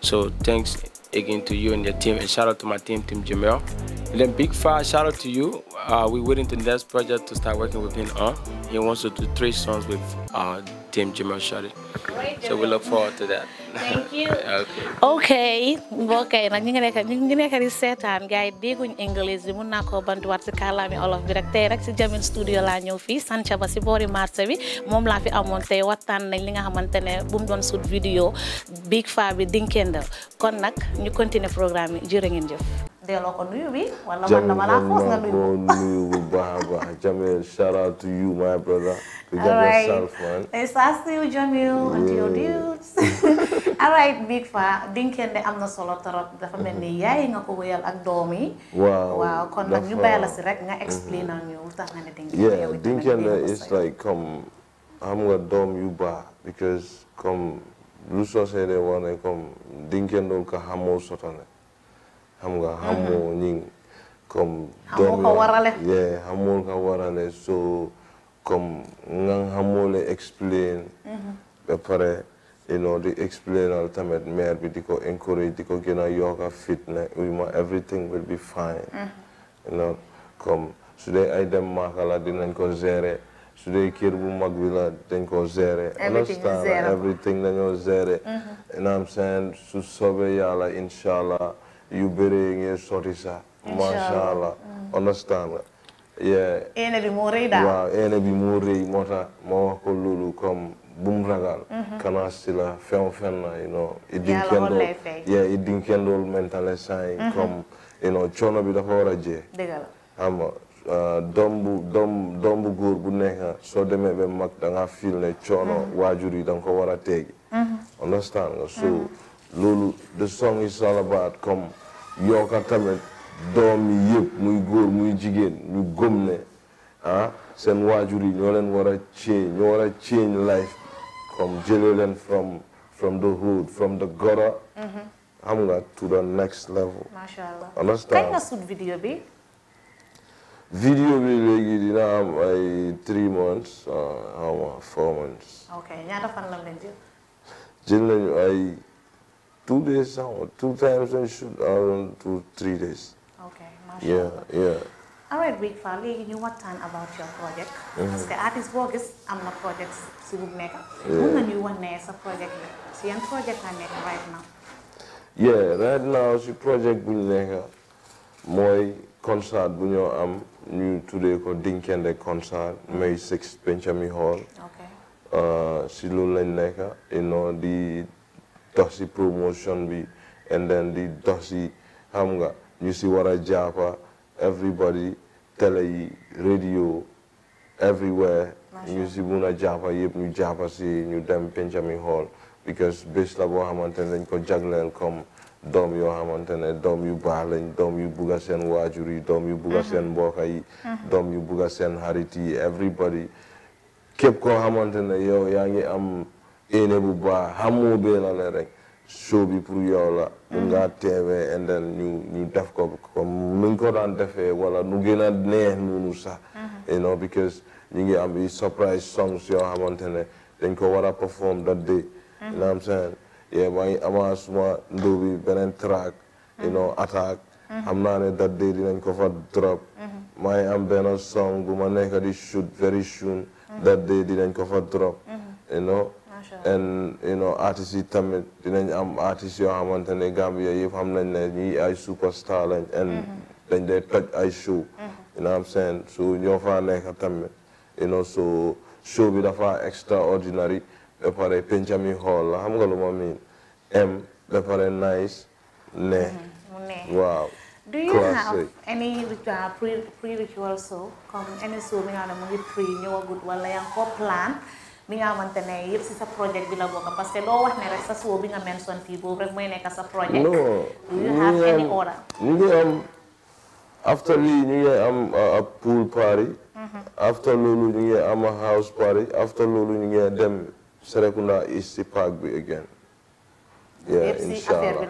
Speaker 3: So thanks again to you and your team and shout out to my team, Team Jamel. And then Big Five, shout out to you. Uh, we're waiting to the next project to start working with him on. Uh. He wants to do three songs with uh, Team Jamel Shadi. So we look forward to that.
Speaker 1: thank you ok mbokk yi nag ñu ngi nekk ñu ngi nekk di seetaan gars yi dégguñ english bi mun naa koo bantuwaat si kàllaami olof bi rek tey rek si Jamin studio laa ñëw fii sanca ba si boori marché bi moom laa fi amoon tey waxtaan nañ li nga xamante ne bu mu doon sut vidéo big fa bi Dinkendal kon nag ñu continuer programme yi jërë ngeen jëf teeloo ko nuyu bi. wala man dama laa foos nga nuyu ko
Speaker 2: nuyu bu baax a baax Jamil shout out to you my brother. to Jamil Salf man.
Speaker 1: it's us to you Jamil and to your dudes. all right Big Faa dinkende am na solo torop dafa mel ni yaay nga ko wéyal ak doom yi.
Speaker 3: waaw waaw kon nag ñu bàyyi la si
Speaker 1: rek nga explain mm-hmm. ak ñu tax nga ne dinkende
Speaker 2: yow itamit dinkende is like comme xam nga doom yu baax because comme lu soo seede woon comme dinkende ka xamoo sotone xam nga xamoo ñi comme doom la yeah xamoon ka warale so comme nga xamoo le explain mm-hmm. ba pare you know di explainal tamit maire bi di ko encourage di ko gën a yokk a fit ne ma everything will be fine mm-hmm. you su dee ay dem maaka la dinañ ko gérer su dee kër bu mag bi la dañ ko gérer understand everything dañoo gérer naam seen su soobee yàlla inshallah yu bëree ngeen sotti sax. macha allah understand nga. yéene bi moo rëy daal moo rëy ma wax ko comme bum ragal. Mhm. kana si la fenn fenn na you know. yàlla woon lay fay mhm. comme you know coono bi dafa war a jee. dëgg la xam nga ah, doom bu doom doom bu góor bu nekk soo demee ba mag da nga mhm. waajur yi da nga ko wara a understand nga so. loolu the song is all about comme yooka tamit doom yi yëpp muy góor muy jigéen ñu gëm ne ah, seen waajur yi ñoo leen war a change ñoo war life comme jëlee leen from from the hood from the gutter mm-hmm. xam nga to the next level macha
Speaker 1: allah understand kañ nga sut bi
Speaker 2: vidéo bi léegi dina am ay three months ah, xaw ma four months
Speaker 1: ok ñaata fan la leen jël
Speaker 2: jël nañu ay two days now, uh, two times I shoot around two, three days.
Speaker 1: Okay, mashallah. Yeah, yeah. All right, Big Fall, léegi ñu waxtaan about your project. parce mm-hmm. que artist boo gis am na project si bu nekk. mun nañu wax ne sa project la si yan project la nekk right now.
Speaker 2: yeah right now si project bu ñu nekk mooy concert bu ñoo am ñu tuddee ko Dinkende concert May 6 Benjamin Hall. ok uh, si loolu lañ nekk you know di. dox si promotion bi and then di dox si xam nga ñu si war a jàppa everybody télé yi radio everywhere ñu si mun a jàppa yëpp ñu jàppa si ñu dem Pencami Hall because bés la boo xamante ne dañ ko jagleel comme doom yoo xamante ne doom yu baax lañ doom yu bugga seen waajur yi doom yu bugga seen mm-hmm. mbokka yi mm-hmm. doom yu bugga seen xarit yi everybody képp koo xamante ne yow ne bu baax xamoo na le rek show bi pour yow la mun mm. ngaa teewee indel ñu ñu def ko comme nuñ ko daan defee wala nu gën a neex noonu sax mm-hmm. you know because ñu ngi am i surprise songs yoo xamante ne dañ ko war a perform that day you know am seen yee maa ngi amaa suma ndóo beneen track you know mm-hmm. attaque mm-hmm. xam naa ne that day dinañ ko fa drop maa ngi am benn song bu ma nekk di shoot very soon that day dinañ ko fa drop and you know artistes yi tamit dinañ am artistes yoo xamante ne Gambia yëpp xam nañ ne ñii ay superstar lañ and mm-hmm. dañ ay show mm-hmm. am seen so ñoo fa nekk tamit so show bi dafa extraordinary ba pare pencami xool la xam nga lu ma miin m ba pare nice ne mm-hmm. waaw
Speaker 1: pre ritual show comme any show bi nga xam mu ngi pre ñëwagul wala yaa ngi ko plan li nga xamante ne yëpp si sa projet bi la bokk parce que loo wax ne rek sa soo bi nga mention fii boobu rek mooy nekk sa projet. non
Speaker 2: ñu ngi ñu ngi am after lii ñu ngi am a pool party. Mm-hmm. after loolu ñu ngi am a house party after loolu ñu ngi dem Serekunda East Park bi again. yeah inshallah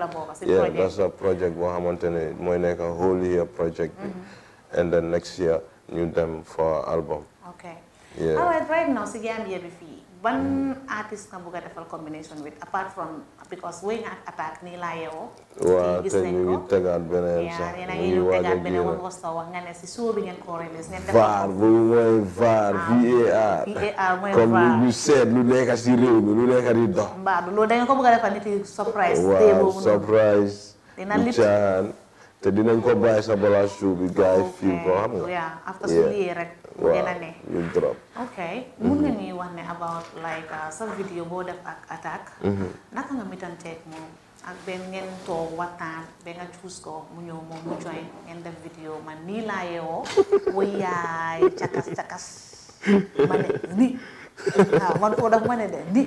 Speaker 2: yeah that's a project boo xamante ne mooy nekk a whole year project bi mm-hmm. and then next year ñu dem for album. okay all
Speaker 1: right right now si Gambia bi fii. ban artiste nga bëgg a defal combination with apart from because wéy nga ak nii laa yeewoo. waaw te ñu ngi
Speaker 2: tegaat beneen a génn
Speaker 1: nga ne si show bi ngeen ko release VAR bu
Speaker 2: mooy VAR ah, VAR.
Speaker 1: VAR comme
Speaker 2: lu nekk si réew mi lu nekk di dox.
Speaker 1: mbaa loolu da ko bëgg a nit yi surprise. waaw
Speaker 2: surprise. dina te dinañ ko bàyyi sa balance show bi gars fii ko xam nga. yeah wax
Speaker 1: ne about like uh, sa vidéo boo def ak attaque. Mm-hmm. naka nga mitanteeg moom ak benn toog waxtaan ba nga ko mu ñëw moom mu join ngeen def vidéo man nii laa ah, man nii.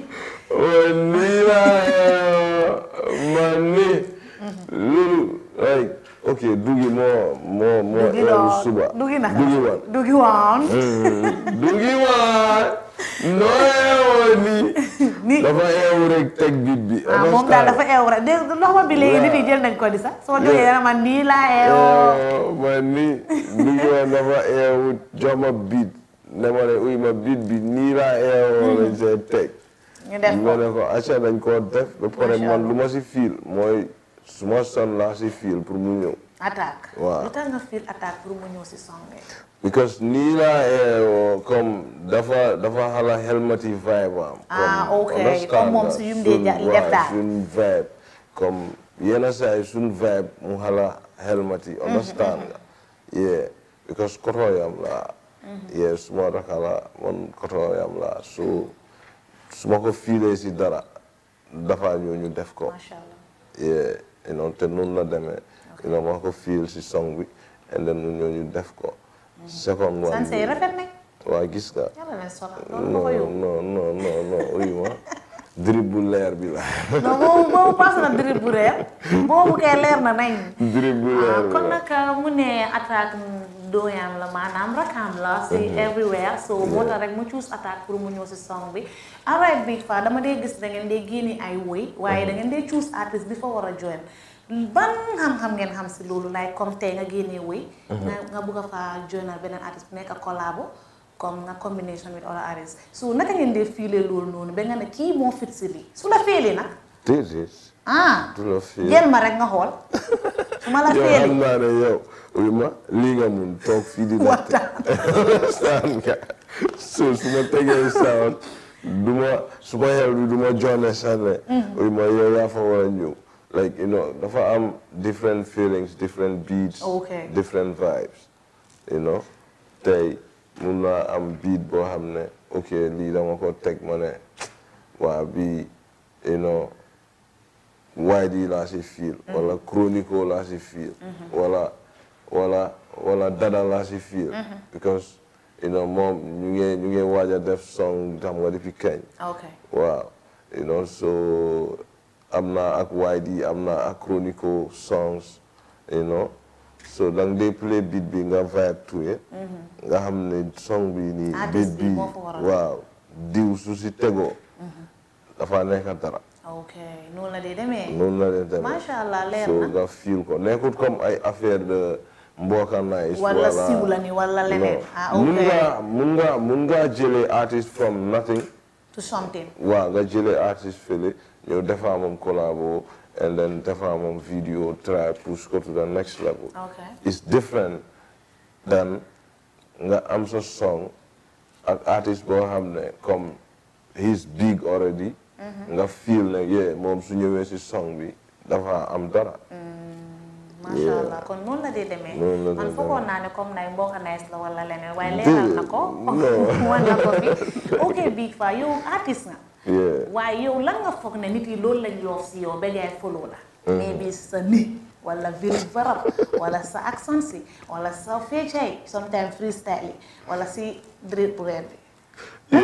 Speaker 2: nii laa ok dugi moo moo suba dugi naka dugi waan. noo yeewoo nii. nii dafa yeewu rek bit bi. ah moom daal dafa
Speaker 1: yeewu rek de loxo bi léegi nit yi jël nañ ko di sax. bit bi nii laa yeewoo
Speaker 2: hmm. lañ see teg. ñu def ko ma ne ko man lu ma si fiil mooy. suma ma sonn laa si fiil pour mu ñëw.
Speaker 1: attaque waaw lu tax nga fiil attaque si songe.
Speaker 2: because nii laa comme dafa dafa xala helmeti vibe am. ah ok comme moom su yum dee def daal suñ comme yenn saa yi suñ vibe mu xala helmeti. Mhm, understand mhm. nga yeah because kotoyam laa. Mhm. yeah su ma rakala man kotoyam laa so su ko fiilee si dara dafa ñëw ñu def ko. noonu te noonu la demee ino ma ko fiil si song bi and then ñoo ñu def ko mm-hmm. second one bi waaw gis nga non non non non non uyu ma bu leer bi la
Speaker 1: non boobu na drip bu leer
Speaker 2: boobu kay leer na nañ drip bu leer bi ah, la
Speaker 1: kon nag mu ne attaque doyam la maanaam rakam la si everywhere so moo tax rek mu choose attaque pour mu ñëw si song bi alright Big Faa dama dee gis da ngeen dee génne ay woy waaye da ngeen dee choose artiste bi fa war a join ban xam-xam ngeen xam si loolu lay comme tey nga génnee woy mm-hmm. nga nga bugg a faa joinal beneen artiste bu nekk a collabo comme nga combination with other artists so naka ngeen dee fiile loolu noonu ba nga ne kii moo fit si lii su la féelee nag ah ma rek nga xool. su ma la féeree
Speaker 2: yow xam naa ne lii nga mun toog fii di. waxtaan nga su ma tegee saan du ma su ma xel bi du ma joone sax ne. uyu ma fa war a like you know dafa am different feelings different beats. Okay. different vibes. you know tey mun naa am biit boo xam ne ok lii dama ko teg ma ne waa bii you know. Wadi laa si fiil wala Chronico laa si fiil wala Dada laa si fiil because you moom ñu ngi ñu ngi waaj a def song xam nga depuis kañ waaw you know am naa ak Wadi am na ak Chronico songs you know dang day play beat bi nga vibe to it mm-hmm. nga xam ne song bi nii beat bi waaw diw su si tegoo mm-hmm. dafa nekk dara
Speaker 1: ok noonu la dee
Speaker 2: comme ay affaire de mbookaan naa. histoire wala siw la ni
Speaker 1: ah, mun nga
Speaker 2: mun nga mun nga jëlee artiste from nothing. to something. waaw nga jëlee artiste fële ñëw defaa moom collabo and then defaa moom video try push ko to the next level. it's different than nga am sa song ak artiste boo xam ne comme he's big already. nga feel ne yee moom su ñëwee si song bi dafa am dara. Mm, macha allah
Speaker 1: kon noonu la di demee. man foogoon naa ne comme nay mbokk naay la wala leneen waaye leeral na ko.
Speaker 2: wan ko bi ok
Speaker 1: Big Faa yow artiste nga. waaye yow lan nga foog ne nit yi loolu lañ yoof si yow ba ngay follow la. Mm. mais bi sa ni wala viri varab wala sa accent si wala sa feccay sometimes freestyle yi wala si drip red bi.
Speaker 2: Eh,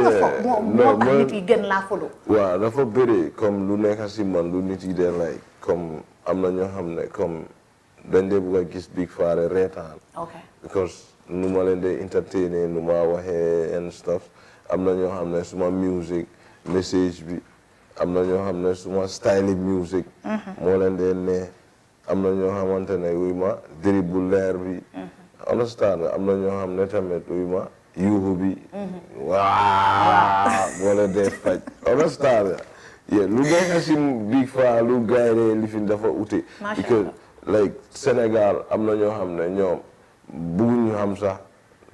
Speaker 2: lan dafa bëri comme lu nekk si man lu nit yi dee like comme am na ñoo xam ne comme dañ de bëgg a gis Big Fare reetaan. because nu ma leen dee entertainer nu ma waxee and stuff am na ñoo xam ne suma music message bi am na ñoo xam ne suma style music. Mhm. moo leen dee ne am na ñoo xamante ne wuy ma diri bu leer bi. Mhm. understand am na ñoo xam ne tamit wuy ma. yuuxu bi. waaw wala day faj understand yeah lu nekk si Big Faa lu gayree li fi dafa ute. because like Sénégal am na ñoo xam ne ñoom bugguñu xam sax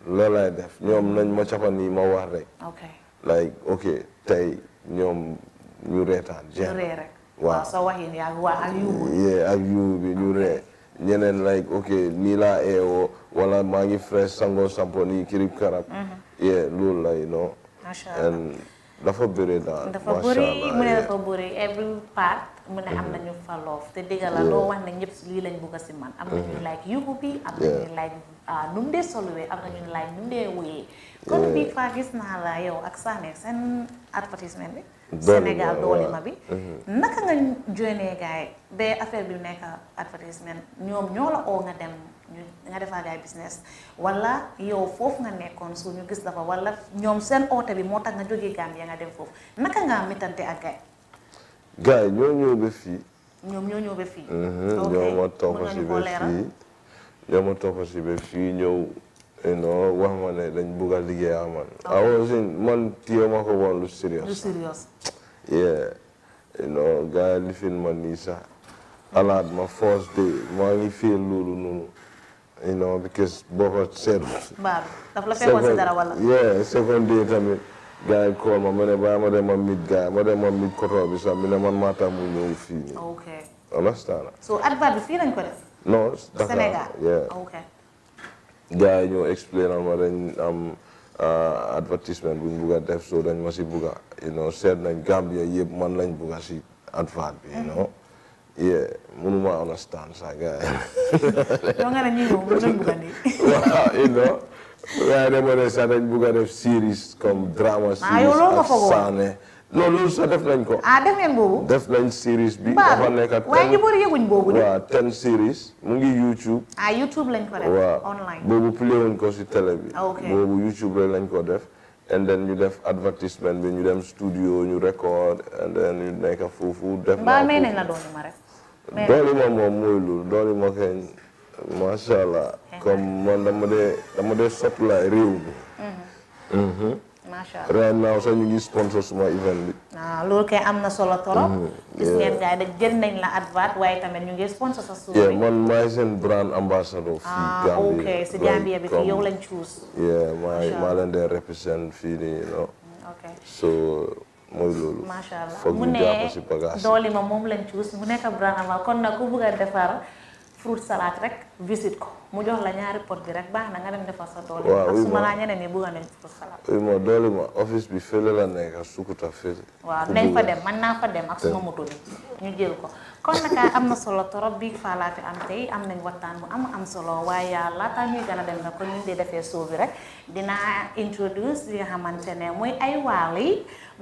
Speaker 2: loolay def ñoom nañ ma capan yi ma wax rek. like ok tey ñoom ñu reetaan. jeex waaw ak yuuxu bi ñu ree. ñeneen like ok nii laa eewoo wala maa ngi fresh sango sampo nii kirib karab mm-hmm. yee loolu la you know macha allah dafa bëri daal dafa bëri
Speaker 1: mu ne dafa bëri every mm-hmm. fa loof te dëgg la loo wax ne ñëpp lii lañ bëgg si man am nañu mm-hmm. like yubu bi am nañu like ah, nu soluwee am nañu like nu mu dee wuyee kon bi gis naa la yow ak Sané seen advertisement bi Sénégal doole bi mhm. naka nga joinee gaay ba affaire bi nekk advertisement ñoom ñoo la oo nga dem nga defal gaay business wala yow foofu nga nekkoon su ñu gis dafa wala ñoom seen oote bi moo tax nga jógee Gambia nga dem foofu naka nga mitante ak gaay
Speaker 2: gaay ñoo ñëw ba fii
Speaker 1: ñoom ñoo ñëw ba fii mhm, ñoo
Speaker 2: ma topp si ba fii ñoo si ba fii you eh, wax ma ne dañ bugg a liggéey ak man. ah, ah man téye ma ko woon lu serious. yeah you eh, know yi lifin ma nii sax alaat ma first day maa ngi feel loolu noonu. you eh, because boo ko seetlu.
Speaker 1: baax daf
Speaker 2: second day tamit. gars yi call ma ma ne bàyyi ma dem ma mit gars ma dem ma mit koto bi sax mi ne man maa mu ñëw fii nii. understand.
Speaker 1: so advert bi fii lañ ko def.
Speaker 2: non Dakar gars yi ñoo explain ma dañ am euh, advertisement bu ñu def so dañ ma si bugg a you know seet nañ Gambia yëpp man lañ bugg si advert bi you mm-hmm. know yeah mënuma understand sa gars yi. donc nga ne ñii moom loolu lañ bugg a di. waaw you know. waaye demoon ne sax loolu sax def nañ ko. Ah, def ngeen nañ series bi. dafa nekk ten waaye ñu boobu de. ten series mu ngi YouTube.
Speaker 1: ah YouTube lañ ko def. boobu
Speaker 2: play wuñ ko si tele bi. Ah, ok boobu YouTube lañ ko def. and then ñu def advertisement bi ñu dem studio ñu record and then ñu nekk foofu. def ko mbaa
Speaker 1: nañ la doole
Speaker 2: moom mooy loolu doole ma kañ macha allah. Eh, comme eh. man dama dee dama dee soppalaay macha allah right now sax ñu ngi sponsor suma event bi.
Speaker 1: Ah, loolu kay am na solo trop.
Speaker 2: Mm-hmm. gis ngeen gars
Speaker 1: yi jël nañ la advert waaye tamit ñu ngi sponsor sa suuf. yeah
Speaker 2: man maay seen brand ambassador. fii ah, Gambia ok si yow lañ choose. maa leen di represent fii nii you mm, so loolu. mu
Speaker 1: ma moom nekk brand ambassador kon nag ku bëgg defar. fruit salade rek visite ko mu jox la ñaari pot bi rek baax na nga dem defar sa tool. waaw oui ma ak su ma laa ñeneen ñi bëgg nañ fruit salade.
Speaker 2: oui ma doole ma office la nekk ak sukuta fële.
Speaker 1: waaw nañ fa dem man naa fa dem ak suma moto bi ñu jël ko. kon nag ah, am na solo fi am tey am nañ waxtaan bu am am solo waaye laata ñuy gën a dem nag ko ñu di defee suuf rek dinaa introduce li ne muy ay waal yi.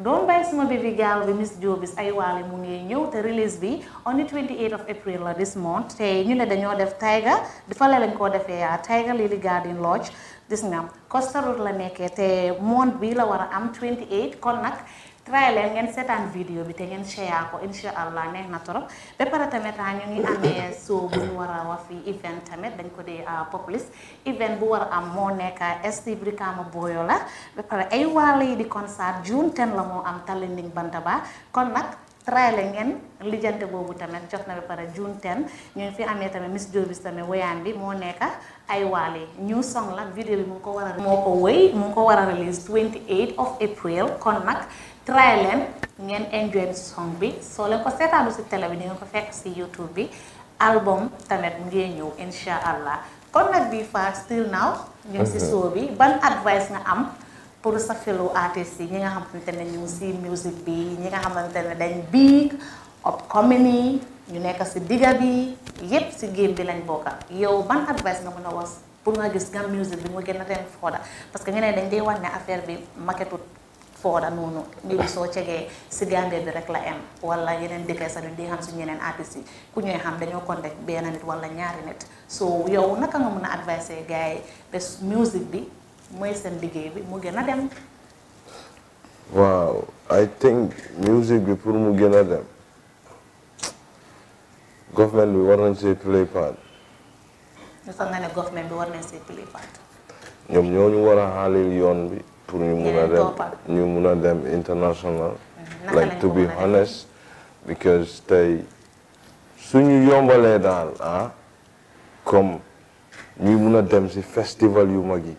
Speaker 1: doom bàyyi suma bébé girl bi Miss Jobis ay waale mu ngi ñëw te release bi on the 28 of April la this month te ñu ne dañoo def Tiger di fale lañ koo defee yaa ah, Tiger Lily Garden Lodge gis nga Costa la nekkee te monde bi la war a am 28 kon nag try leen ngeen seetaan vidéo bi te ngeen share ko incha allah neex na torop ba pare tamit ñu ngi amee show bu ñu war a wax fii event tamit dañ ko dee ah, populist event bu war a am moo nekk ah, ST Brikama Boyo la ay waale yi di concert June 10 la moo am Talinding Bantaba kon nag try leen ngeen boobu tamit jot na ba pare June 10 ñu fi amee tamit Miss Jobis tamit woyaan bi moo nekk ah, ay waale ñu song la vidéo bi mu ngi ko war a moo ko wëy mu ko war a of April kon nag try leen ngeen enjoy song bi soo leen ko seetaanu si télé bi di nga ko fekk si YouTube bi album tamit mu ngee ñëw insha allah kon nag bii fa still now ñu ngi si show bi ban advice nga am pour sa fellow artistes yi ñi nga xamante ne ñu si music bi ñi nga xamante ne dañ big upcoming yi ñu nekk si digga bi yépp si game bi lañ bokka yow ban advice nga mën a was pour nga gis nga music bi mu gën a dem fooda parce que ñeneen dañ dee wax ne affaire bi maketut fooda noonu mbir soo cegee si Gambie bi rek la em wala yeneen dëkk sax duñ di xam suñu yeneen artistes yi ku ñooy xam dañoo contact benn nit wala ñaari nit so yow naka nga mën a adviser gars yi ba bi mooy seen liggéey bi mu gën a dem.
Speaker 2: waaw I think musique bi pour mu gën a dem government bi war nañ see play ñoom ñoo ñu war a xaalil yoon bi. pour ñu mun a dem ñu mun a dem international like to be honest because tey suñu yombalee daal ah, comme ñuy mun a dem si festival yu mag yi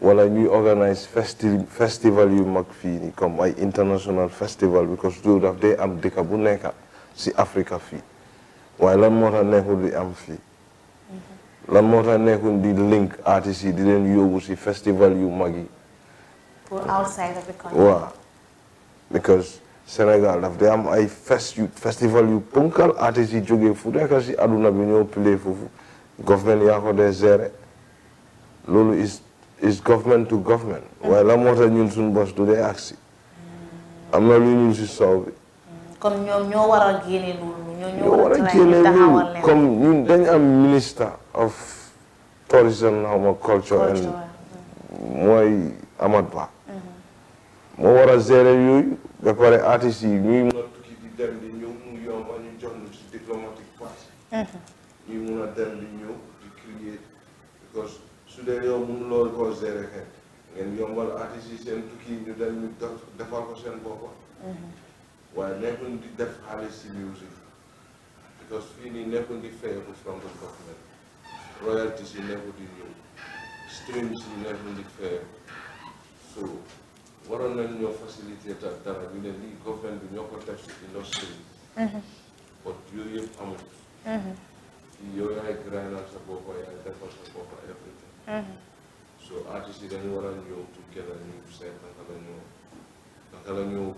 Speaker 2: wala ñuy organise festi festival yu mag fii nii comme ay international festival because loolu daf dee am dëkk bu nekk si Africa fii waaye lan moo tax nekkul di am fii mhm. lan moo tax nekkul di link artistes yi di leen yóbbu si festival yu mag yi
Speaker 1: pour outside
Speaker 2: because Sénégal daf day am ay fest yu festival yu ponkal artistes yi jógee fu nekk si àdduna bi ñoo pilee foofu government yaa ko dee gérer loolu is is government to government. waaye la moo tax ñun suñ bos du dee agsi am na lu ñun si soow bi. ñoom dañ am minister of tourism xaw ma culture and mooy Amat Ba. moo war a gérer yooyu ba pare artistes yi ñuy mën a tukki di dem di ñëw mu yomba ñu jox ñu ci diplomatique pass mm-hmm. ñuy mun a dem di ñëw di créer because su dee yow mun loolu koo gérer xel ngeen yombal artistes yi seen tukki ñu dem ñu defar ko seen bopp mm-hmm. waaye nekkuñ di def xaalis si music because fii nii nekkuñ di fayeku from the government royalties yi nekku di ñëw streams yi nekkuñ di fayeku so waroon nañ ñoo facilité ta dara ñu ne lii government bi ñoo ko teg si industrie bi bot mhm. yooyu yëpp amul mhm. yow yaay grindal sa bopp yaay defal sa bopp everything mhm. so artiste yi dañu war a ñëw together ñu seet naka la ñoo naka la ñoo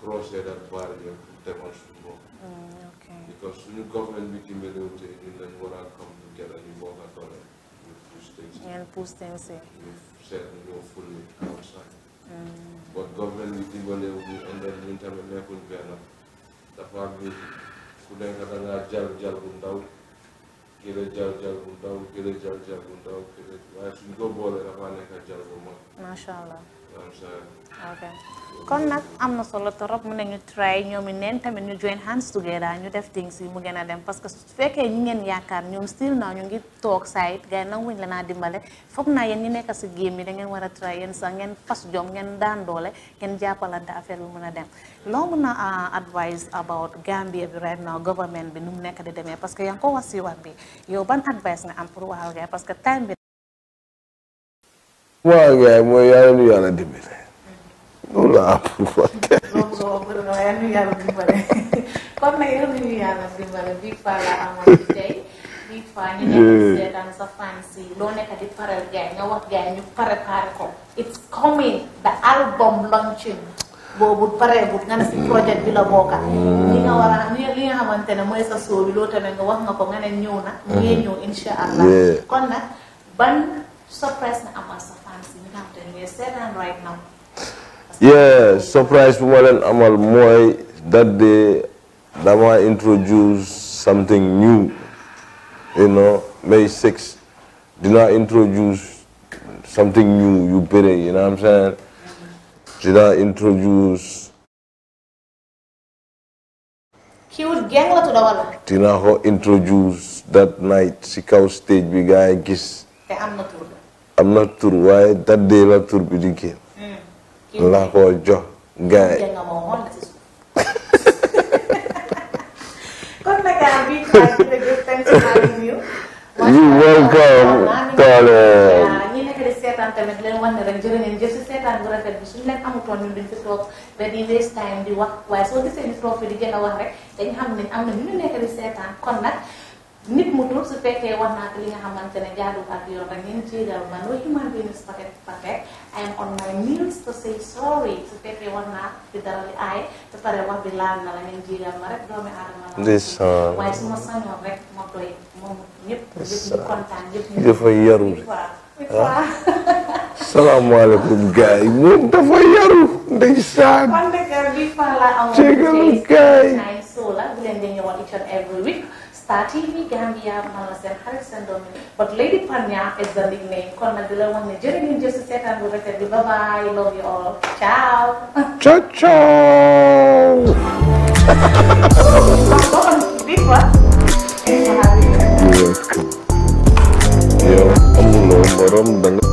Speaker 2: crossé that barrier pour demal suñu bopp mm, because government bi dimbaléwu te ñun dañ war a come together ñu bokk a doole ñu push things ñu seet ñoo fulli outside but government bi dimbalewu ñu and then ñun tamit nekkuñ benn dafa am bi ku nekk dangaa jal jal bu ndaw kële jal jal bu ndaw kële jal jal bu ndaw kële waaye suñ ko boolee dafa nekk jal bu mag
Speaker 1: macha allah kon nag am na solo torop mu ne ñu try ñoom i neen tamit ñu join hands together ñu def things yi mu gën a dem parce que fekkee ñi ngeen yaakaar ñoom still na ñu ngi toog side gars yi nanguñ la naa dimbale foog naa yéen ñi nekk si game bi da ngeen war a try yéen sax ngeen fas jom ngeen daan doole ngeen jàppalante affaire bi mën a dem loo mën a advice about Gambia bi right now government bi nu mu nekk di demee parce que yaa ngi ko wax si wax bi yow ban advice nga
Speaker 2: waaw gars yi mooy yàlla nu yàlla dimbale loolu la am pour wax tey. loolu
Speaker 1: boo ko doon yàlla nu yàlla dimbale kon nag yàlla nu yàlla dimbale bii faa la amoon tey bii faa ñu nekk seetaan sa fan si loo nekk di paral gars yi nga wax gars yi ñu préparé ko. it's coming the album launching boobu pareegul nga ne si projet bi la bokka
Speaker 2: li nga war a
Speaker 1: li nga xamante ne mooy sa soo bi loo tamit nga wax nga ko nga ne ñëw na. ngee ñëw incha allah. kon nag ban surprise na amal sa
Speaker 2: yeah surprise bu ma leen amal mooy that day dama May dina introduce something new yu bëre you know what I'm saying dina introduce
Speaker 1: kiwut gang la
Speaker 2: tudd that night si kaw stage bi gaa yi gis am na tur waaye daddee la tur bi di génn. Hmm. la ko jox you welcome Tolé.
Speaker 1: ñi nekk di seetaan tamit leen wan ne rek jërë ngeen jëf si seetaan bu rafet bi suñu leen amutoon ñun duñ fi toog ba di waste time di wax waaye soo gisee ñu toog fi di gën a wax rek dañu xam ne am na ñu nekk di seetaan kon nag. nit mu dul su fekkee wax li nga xamante ne jaadul ak yoon rek man wa human beings protect protect I am on my knees to say sorry su fekkee wax naa li aay te pare wax bi laal na la ngeen jégal ma rek doomi aadama la uh, waaye su ma sañoon rek ma doy moom ñëpp ñëpp ñu kontaan ñëpp ñu dafa yaru ah.
Speaker 2: salaamaaleykum gars yi moom dafa yaru ndeysaan
Speaker 1: euh, jégalu gars yi so la bu leen di ñëwal each and every week starting bi Gambia man la seen doom yi but Lady Panya is the nickname kon la wax ne jërë ngeen jëf si seetaan bu rafet bi bye love you all ciao.
Speaker 2: ciao ciao. yow amuloo morom danga